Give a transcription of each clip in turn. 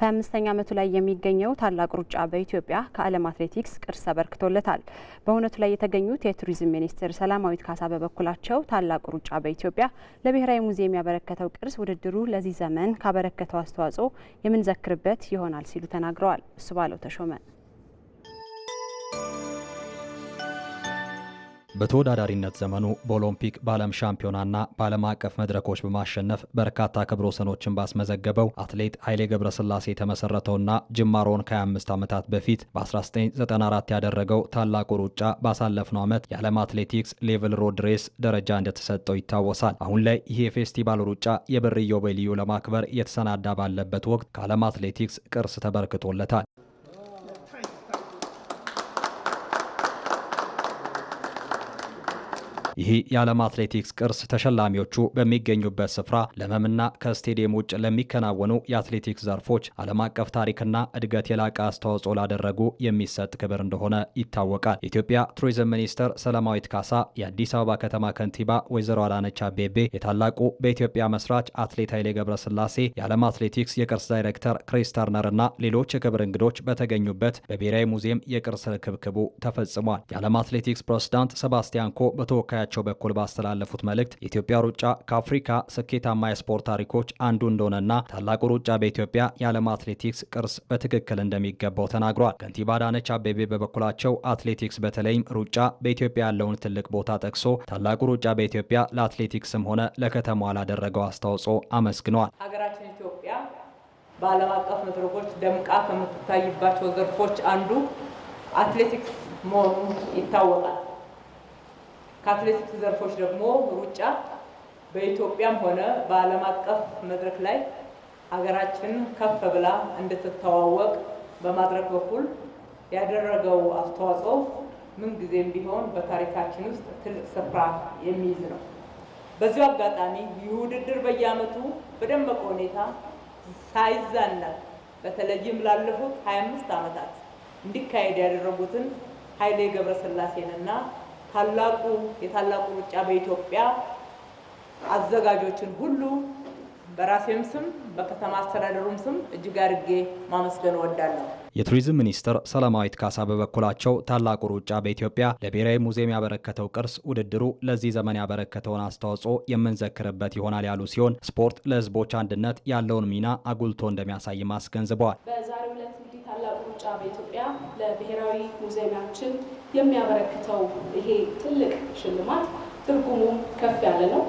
25ኛ ዓመቱ ላይ የሚገኘው ታላቅ ሩጫ በኢትዮጵያ ከዓለም አትሌቲክስ ቅርስ ተበርክቶለታል። በእውነቱ ላይ የተገኙት የቱሪዝም ሚኒስትር ሰላማዊት ካሳ በበኩላቸው ታላቅ ሩጫ በኢትዮጵያ ለብሔራዊ ሙዚየም ያበረከተው ቅርስ ውድድሩ ለዚህ ዘመን ካበረከተው አስተዋጽኦ የምንዘክርበት ይሆናል ሲሉ ተናግረዋል። እሱ ባለው ተሾመ በተወዳዳሪነት ዘመኑ በኦሎምፒክ በዓለም ሻምፒዮናና በዓለም አቀፍ መድረኮች በማሸነፍ በርካታ ክብረ ወሰኖችን ባስመዘገበው አትሌት ኃይሌ ገብረስላሴ የተመሰረተውና ጅማሮን ከ25 ዓመታት በፊት በ1994 ያደረገው ታላቁ ሩጫ ባሳለፍነው ዓመት የዓለም አትሌቲክስ ሌቭል ሮድ ሬስ ደረጃ እንደተሰጠው ይታወሳል። አሁን ላይ ይህ የፌስቲቫል ሩጫ የብር ኢዮቤልዩ ለማክበር እየተሰናዳ ባለበት ወቅት ከዓለም አትሌቲክስ ቅርስ ተበርክቶለታል። ይህ የዓለም አትሌቲክስ ቅርስ ተሸላሚዎቹ በሚገኙበት ስፍራ ለመምና ከስቴዲየም ውጭ ለሚከናወኑ የአትሌቲክስ ዘርፎች ዓለም አቀፍ ታሪክና እድገት የላቀ አስተዋጽኦ ላደረጉ የሚሰጥ ክብር እንደሆነ ይታወቃል። የኢትዮጵያ ቱሪዝም ሚኒስትር ሰላማዊት ካሳ፣ የአዲስ አበባ ከተማ ከንቲባ ወይዘሮ አዳነች አቤቤ፣ የታላቁ በኢትዮጵያ መስራች አትሌት ኃይሌ ገብረስላሴ፣ የዓለም አትሌቲክስ የቅርስ ዳይሬክተር ክሪስ ተርነር እና ሌሎች የክብር እንግዶች በተገኙበት በብሔራዊ ሙዚየም የቅርስ ርክብክቡ ተፈጽሟል። የዓለም አትሌቲክስ ፕሬዝዳንት ሰባስቲያን ኮ በተወካያ በፓርቲያቸው በኩል ባስተላለፉት መልእክት የኢትዮጵያ ሩጫ ከአፍሪካ ስኬታማ የስፖርት ታሪኮች አንዱ እንደሆነና ታላቁ ሩጫ በኢትዮጵያ የዓለም አትሌቲክስ ቅርስ በትክክል እንደሚገባው ተናግሯል። ከንቲባ አዳነች አቤቤ በበኩላቸው አትሌቲክስ በተለይም ሩጫ በኢትዮጵያ ያለውን ትልቅ ቦታ ጠቅሶ ታላቁ ሩጫ በኢትዮጵያ ለአትሌቲክስም ሆነ ለከተማዋ ላደረገው አስተዋጽኦ አመስግኗል። ሀገራችን ኢትዮጵያ በዓለም አቀፍ መድረኮች ደምቃ ከምትታይባቸው ዘርፎች አንዱ አትሌቲክስ መሆኑ ይታወቃል። ከአትሌቲክስ ዘርፎች ደግሞ ሩጫ በኢትዮጵያም ሆነ በዓለም አቀፍ መድረክ ላይ ሀገራችን ከፍ ብላ እንድትተዋወቅ በማድረግ በኩል ያደረገው አስተዋጽኦ ምንጊዜም ቢሆን በታሪካችን ውስጥ ትልቅ ስፍራ የሚይዝ ነው። በዚሁ አጋጣሚ ይህ ውድድር በየዓመቱ በደመቀ ሁኔታ ሳይዛና በተለይም ላለፉት 25 ዓመታት እንዲካሄድ ያደረጉትን ኃይሌ ገብረስላሴንና ታላቁ የታላቁ ሩጫ በኢትዮጵያ አዘጋጆችን ሁሉ በራሴም ስም በከተማ አስተዳደሩም ስም እጅግ አድርጌ ማመስገን እወዳለሁ። የቱሪዝም ሚኒስትር ሰላማዊት ካሳ በበኩላቸው ታላቁ ሩጫ በኢትዮጵያ ለብሔራዊ ሙዚየም ያበረከተው ቅርስ ውድድሩ ለዚህ ዘመን ያበረከተውን አስተዋጽኦ የምንዘክርበት ይሆናል ያሉ ሲሆን ስፖርት ለሕዝቦች አንድነት ያለውን ሚና አጉልቶ እንደሚያሳይም አስገንዝበዋል። ታላቁ ሩጫ በኢትዮጵያ ለብሔራዊ ሙዚየማችን የሚያበረክተው ይሄ ትልቅ ሽልማት ትርጉሙ ከፍ ያለ ነው።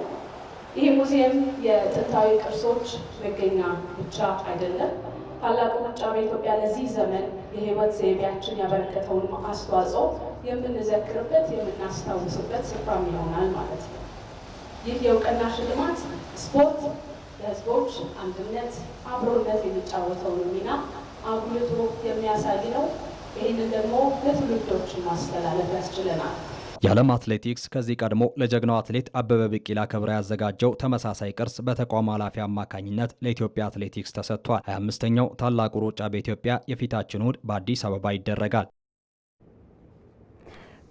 ይሄ ሙዚየም የጥንታዊ ቅርሶች መገኛ ብቻ አይደለም። ታላቁ ሩጫ በኢትዮጵያ ለዚህ ዘመን የህይወት ዘይቤያችን ያበረከተውን አስተዋጽኦ የምንዘክርበት፣ የምናስታውስበት ስፍራም ይሆናል ማለት ነው። ይህ የእውቅና ሽልማት ስፖርት ለህዝቦች አንድነት፣ አብሮነት የሚጫወተውን ሚና አጉልቶ የሚያሳይ ነው። ይህንን ደግሞ ለትውልዶች ማስተላለፍ ያስችለናል። የዓለም አትሌቲክስ ከዚህ ቀድሞ ለጀግናው አትሌት አበበ ቢቂላ ክብረ ያዘጋጀው ተመሳሳይ ቅርስ በተቋም ኃላፊ አማካኝነት ለኢትዮጵያ አትሌቲክስ ተሰጥቷል። 25ኛው ታላቁ ሩጫ በኢትዮጵያ የፊታችን እሁድ በአዲስ አበባ ይደረጋል።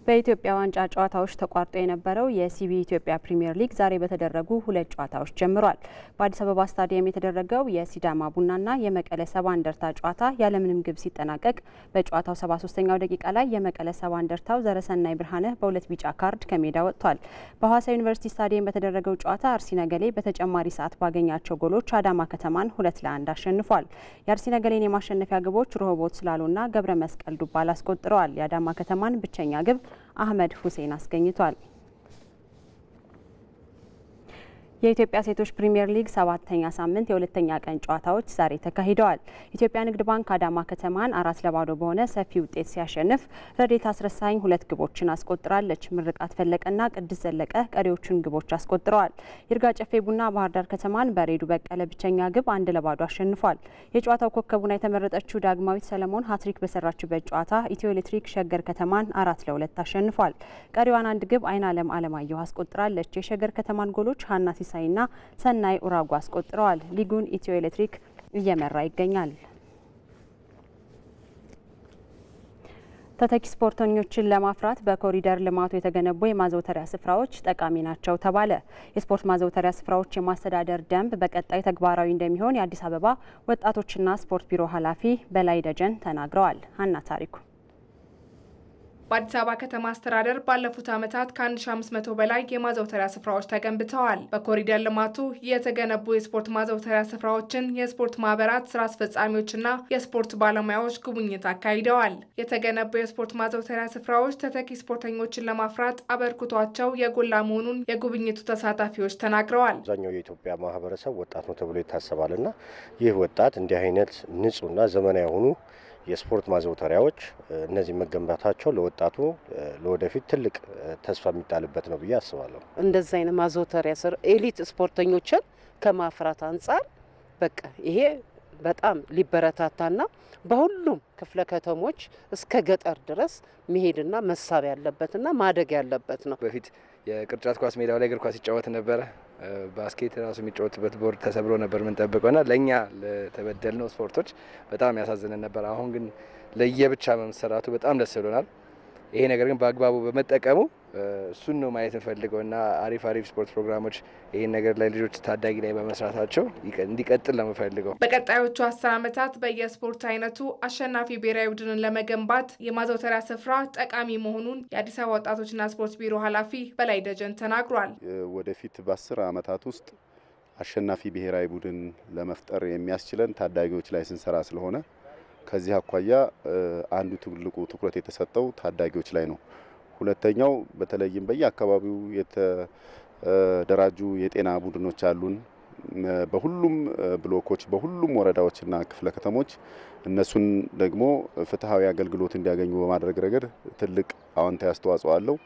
በኢትዮጵያ ዋንጫ ጨዋታዎች ተቋርጦ የነበረው የሲቢ ኢትዮጵያ ፕሪምየር ሊግ ዛሬ በተደረጉ ሁለት ጨዋታዎች ጀምሯል። በአዲስ አበባ ስታዲየም የተደረገው የሲዳማ ቡናና የመቀለ ሰባ እንደርታ ጨዋታ ያለምንም ግብ ሲጠናቀቅ በጨዋታው 73ኛው ደቂቃ ላይ የመቀለ ሰባ እንደርታው ዘረሰናይ ብርሃነህ በሁለት ቢጫ ካርድ ከሜዳ ወጥቷል። በሐዋሳ ዩኒቨርሲቲ ስታዲየም በተደረገው ጨዋታ አርሲ ነገሌ በተጨማሪ ሰዓት ባገኛቸው ጎሎች አዳማ ከተማን ሁለት ለአንድ አሸንፏል። የአርሲ ነገሌን የማሸነፊያ ግቦች ሮሆቦት ስላሉና ገብረ መስቀል ዱባል አስቆጥረዋል። የአዳማ ከተማን ብቸኛ ግብ አህመድ ሁሴን አስገኝቷል። የኢትዮጵያ ሴቶች ፕሪምየር ሊግ ሰባተኛ ሳምንት የሁለተኛ ቀን ጨዋታዎች ዛሬ ተካሂደዋል። ኢትዮጵያ ንግድ ባንክ አዳማ ከተማን አራት ለባዶ በሆነ ሰፊ ውጤት ሲያሸንፍ ረዴት አስረሳኝ ሁለት ግቦችን አስቆጥራለች። ምርቃት ፈለቀና ቅድስት ዘለቀ ቀሪዎቹን ግቦች አስቆጥረዋል። ይርጋ ጨፌ ቡና ባህር ዳር ከተማን በሬዱ በቀለ ብቸኛ ግብ አንድ ለባዶ አሸንፏል። የጨዋታው ኮከቡና የተመረጠችው ዳግማዊት ሰለሞን ሀትሪክ በሰራችበት ጨዋታ ኢትዮ ኤሌክትሪክ ሸገር ከተማን አራት ለሁለት አሸንፏል። ቀሪዋን አንድ ግብ አይን አለም አለማየሁ አስቆጥራለች። የሸገር ከተማን ጎሎች ሀና ሲሳይና ሰናይ ኡራጓስ አስቆጥረዋል። ሊጉን ኢትዮ ኤሌክትሪክ እየመራ ይገኛል። ተተኪ ስፖርተኞችን ለማፍራት በኮሪደር ልማቱ የተገነቡ የማዘውተሪያ ስፍራዎች ጠቃሚ ናቸው ተባለ። የስፖርት ማዘውተሪያ ስፍራዎች የማስተዳደር ደንብ በቀጣይ ተግባራዊ እንደሚሆን የአዲስ አበባ ወጣቶችና ስፖርት ቢሮ ኃላፊ በላይ ደጀን ተናግረዋል። አና ታሪኩ በአዲስ አበባ ከተማ አስተዳደር ባለፉት ዓመታት ከ1500 በላይ የማዘውተሪያ ስፍራዎች ተገንብተዋል። በኮሪደር ልማቱ የተገነቡ የስፖርት ማዘውተሪያ ስፍራዎችን የስፖርት ማህበራት ስራ አስፈጻሚዎችና የስፖርት ባለሙያዎች ጉብኝት አካሂደዋል። የተገነቡ የስፖርት ማዘውተሪያ ስፍራዎች ተተኪ ስፖርተኞችን ለማፍራት አበርክቷቸው የጎላ መሆኑን የጉብኝቱ ተሳታፊዎች ተናግረዋል። አብዛኛው የኢትዮጵያ ማህበረሰብ ወጣት ነው ተብሎ ይታሰባልና ይህ ወጣት እንዲህ አይነት ንጹህና ዘመናዊ የሆኑ የስፖርት ማዘውተሪያዎች እነዚህ መገንባታቸው ለወጣቱ ለወደፊት ትልቅ ተስፋ የሚጣልበት ነው ብዬ አስባለሁ። እንደዚህ አይነት ማዘውተሪያ ስር ኤሊት ስፖርተኞችን ከማፍራት አንጻር በቃ ይሄ በጣም ሊበረታታና በሁሉም ክፍለ ከተሞች እስከ ገጠር ድረስ መሄድና መሳብ ያለበትና ማደግ ያለበት ነው። በፊት የቅርጫት ኳስ ሜዳው ላይ እግር ኳስ ይጫወት ነበረ። ባስኬት ራሱ የሚጫወትበት ቦርድ ተሰብሮ ነበር የምንጠብቀውና ለእኛ ለተበደልነው ስፖርቶች በጣም ያሳዝነን ነበር። አሁን ግን ለየብቻ መሰራቱ በጣም ደስ ብሎናል። ይሄ ነገር ግን በአግባቡ በመጠቀሙ እሱን ነው ማየት እንፈልገው እና አሪፍ አሪፍ ስፖርት ፕሮግራሞች ይህን ነገር ላይ ልጆች ታዳጊ ላይ በመስራታቸው እንዲቀጥል ለምፈልገው በቀጣዮቹ አስር ዓመታት በየስፖርት አይነቱ አሸናፊ ብሔራዊ ቡድንን ለመገንባት የማዘውተሪያ ስፍራ ጠቃሚ መሆኑን የአዲስ አበባ ወጣቶችና ስፖርት ቢሮ ኃላፊ በላይ ደጀን ተናግሯል። ወደፊት በአስር ዓመታት ውስጥ አሸናፊ ብሔራዊ ቡድን ለመፍጠር የሚያስችለን ታዳጊዎች ላይ ስንሰራ ስለሆነ ከዚህ አኳያ አንዱ ትልቁ ትኩረት የተሰጠው ታዳጊዎች ላይ ነው። ሁለተኛው በተለይም በየአካባቢው የተደራጁ የጤና ቡድኖች አሉን። በሁሉም ብሎኮች በሁሉም ወረዳዎችና ክፍለ ከተሞች እነሱን ደግሞ ፍትሐዊ አገልግሎት እንዲያገኙ በማድረግ ረገድ ትልቅ አዎንታዊ አስተዋጽኦ አለው።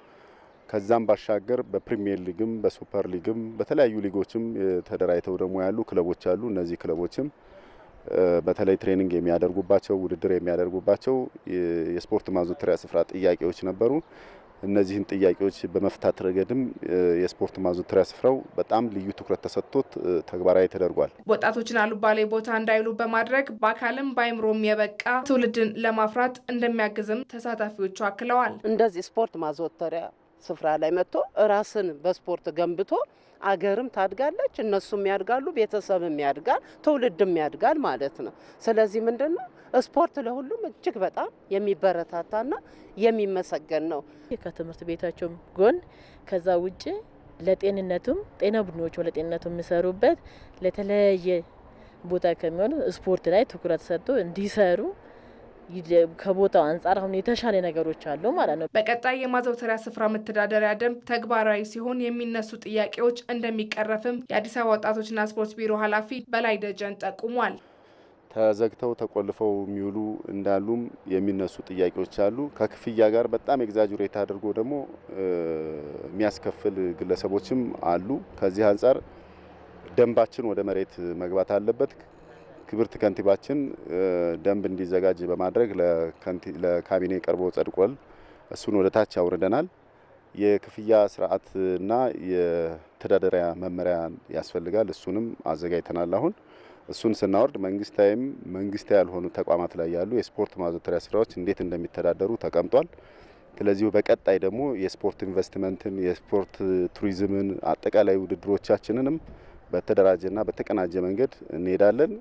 ከዛም ባሻገር በፕሪሚየር ሊግም በሱፐር ሊግም በተለያዩ ሊጎችም ተደራጅተው ደግሞ ያሉ ክለቦች አሉ። እነዚህ ክለቦችም በተለይ ትሬኒንግ የሚያደርጉባቸው ውድድር የሚያደርጉባቸው የስፖርት ማዘውተሪያ ስፍራ ጥያቄዎች ነበሩ። እነዚህን ጥያቄዎች በመፍታት ረገድም የስፖርት ማዘውተሪያ ስፍራው በጣም ልዩ ትኩረት ተሰጥቶት ተግባራዊ ተደርጓል። ወጣቶችን አሉባሌ ቦታ እንዳይሉ በማድረግ በአካልም በአይምሮም የበቃ ትውልድን ለማፍራት እንደሚያግዝም ተሳታፊዎቹ አክለዋል። እንደዚህ ስፖርት ማዘውተሪያ ስፍራ ላይ መጥቶ ራስን በስፖርት ገንብቶ አገርም ታድጋለች፣ እነሱም ያድጋሉ፣ ቤተሰብም ያድጋል፣ ትውልድም ያድጋል ማለት ነው። ስለዚህ ምንድን ነው ስፖርት ለሁሉም እጅግ በጣም የሚበረታታና የሚመሰገን ነው። ከትምህርት ቤታቸውም ጎን ከዛ ውጭ ለጤንነቱም ጤና ቡድኖች ለጤንነቱ የሚሰሩበት ለተለያየ ቦታ ከሚሆኑ ስፖርት ላይ ትኩረት ሰጥቶ እንዲሰሩ ከቦታው አንጻር አሁን የተሻለ ነገሮች አሉ ማለት ነው። በቀጣይ የማዘውተሪያ ስፍራ መተዳደሪያ ደንብ ተግባራዊ ሲሆን የሚነሱ ጥያቄዎች እንደሚቀረፍም የአዲስ አበባ ወጣቶችና ስፖርት ቢሮ ኃላፊ በላይ ደጀን ጠቁሟል። ተዘግተው ተቆልፈው የሚውሉ እንዳሉም የሚነሱ ጥያቄዎች አሉ። ከክፍያ ጋር በጣም ኤግዛጅሬት አድርጎ ደግሞ የሚያስከፍል ግለሰቦችም አሉ። ከዚህ አንጻር ደንባችን ወደ መሬት መግባት አለበት። ክብርት ከንቲባችን ደንብ እንዲዘጋጅ በማድረግ ለካቢኔ ቀርቦ ጸድቋል። እሱን ወደ ታች አውርደናል። የክፍያ ስርዓትና የተዳደሪያ መመሪያ ያስፈልጋል። እሱንም አዘጋጅተናል። አሁን እሱን ስናወርድ መንግስታዊም መንግስታዊ ያልሆኑ ተቋማት ላይ ያሉ የስፖርት ማዘውተሪያ ስራዎች እንዴት እንደሚተዳደሩ ተቀምጧል። ስለዚሁ በቀጣይ ደግሞ የስፖርት ኢንቨስትመንትን፣ የስፖርት ቱሪዝምን፣ አጠቃላይ ውድድሮቻችንንም በተደራጀና በተቀናጀ መንገድ እንሄዳለን።